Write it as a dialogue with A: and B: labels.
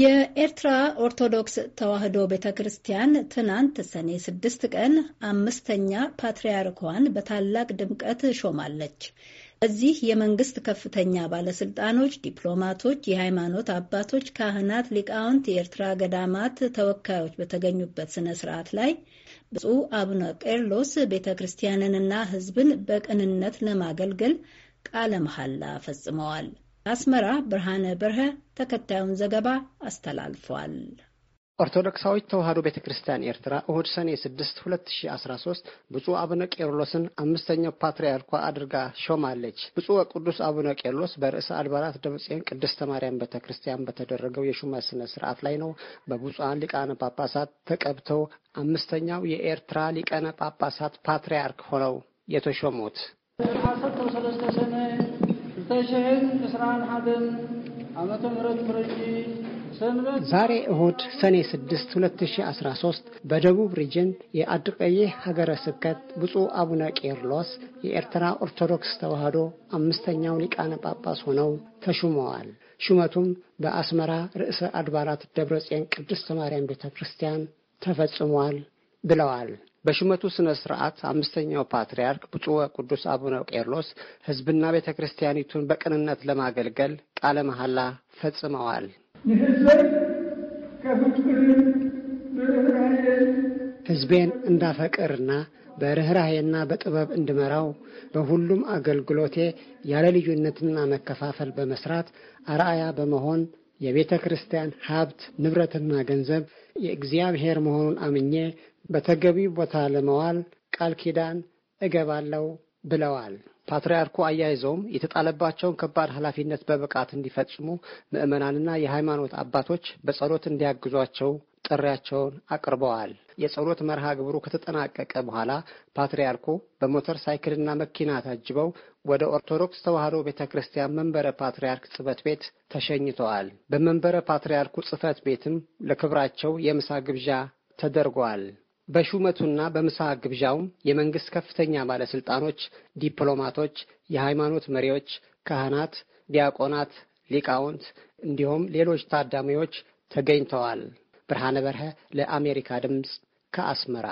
A: የኤርትራ ኦርቶዶክስ ተዋሕዶ ቤተ ክርስቲያን ትናንት ሰኔ ስድስት ቀን አምስተኛ ፓትርያርኳን በታላቅ ድምቀት ሾማለች። እዚህ የመንግስት ከፍተኛ ባለስልጣኖች፣ ዲፕሎማቶች፣ የሃይማኖት አባቶች፣ ካህናት፣ ሊቃውንት፣ የኤርትራ ገዳማት ተወካዮች በተገኙበት ስነ ስርዓት ላይ ብፁዕ አቡነ ቄርሎስ ቤተ ክርስቲያንንና ሕዝብን በቅንነት ለማገልገል ቃለ መሐላ ፈጽመዋል። አስመራ ብርሃነ በርሀ ተከታዩን ዘገባ አስተላልፏል። ኦርቶዶክሳዊት ተዋሕዶ ቤተ ክርስቲያን ኤርትራ እሁድ ሰኔ
B: 6 2013 ብፁዕ አቡነ ቄርሎስን አምስተኛው ፓትርያርኳ አድርጋ ሾማለች። ብፁዕ ወቅዱስ አቡነ ቄርሎስ በርዕሰ አድባራት ደብረጽዮን ቅድስተ ማርያም ቤተ ክርስቲያን በተደረገው የሹመት ስነ ስርዓት ላይ ነው በብፁዓን ሊቃነ ጳጳሳት ተቀብተው አምስተኛው የኤርትራ ሊቃነ ጳጳሳት ፓትርያርክ ሆነው የተሾሙት ሰለስተ ሰነ እስራን ሓደን ዓመተ ምህረት ዛሬ እሁድ ሰኔ 6 2013 በደቡብ ሪጅን የአድቀይህ ሀገረ ስብከት ብፁዕ አቡነ ቄርሎስ የኤርትራ ኦርቶዶክስ ተዋሕዶ አምስተኛው ሊቃነ ጳጳስ ሆነው ተሹመዋል። ሹመቱም በአስመራ ርዕሰ አድባራት ደብረ ጽዮን ቅድስተ ማርያም ቤተ ክርስቲያን ተፈጽሟል ብለዋል። በሹመቱ ስነ ስርዓት አምስተኛው ፓትርያርክ ብፁዕ ቅዱስ አቡነ ቄርሎስ ህዝብና ቤተ ክርስቲያኒቱን በቅንነት ለማገልገል ቃለ መሐላ ፈጽመዋል። ህዝቤን እንዳፈቅርና በርኅራሄና በጥበብ እንድመራው በሁሉም አገልግሎቴ ያለ ልዩነትና መከፋፈል በመስራት አርአያ በመሆን የቤተ ክርስቲያን ሀብት ንብረትና ገንዘብ የእግዚአብሔር መሆኑን አምኜ በተገቢ ቦታ ለመዋል ቃል ኪዳን እገባለሁ ብለዋል። ፓትርያርኩ አያይዘውም የተጣለባቸውን ከባድ ኃላፊነት በብቃት እንዲፈጽሙ ምዕመናንና የሃይማኖት አባቶች በጸሎት እንዲያግዟቸው ጥሪያቸውን አቅርበዋል። የጸሎት መርሃ ግብሩ ከተጠናቀቀ በኋላ ፓትርያርኩ በሞተር ሳይክልና መኪና ታጅበው ወደ ኦርቶዶክስ ተዋሕዶ ቤተ ክርስቲያን መንበረ ፓትርያርክ ጽሕፈት ቤት ተሸኝተዋል። በመንበረ ፓትርያርኩ ጽሕፈት ቤትም ለክብራቸው የምሳ ግብዣ ተደርጓል። በሹመቱና በምሳ ግብዣውም የመንግስት ከፍተኛ ባለስልጣኖች ዲፕሎማቶች፣ የሃይማኖት መሪዎች፣ ካህናት፣ ዲያቆናት፣ ሊቃውንት እንዲሁም ሌሎች
A: ታዳሚዎች ተገኝተዋል። ብርሃነ በርሀ ለአሜሪካ ድምፅ ከአስመራ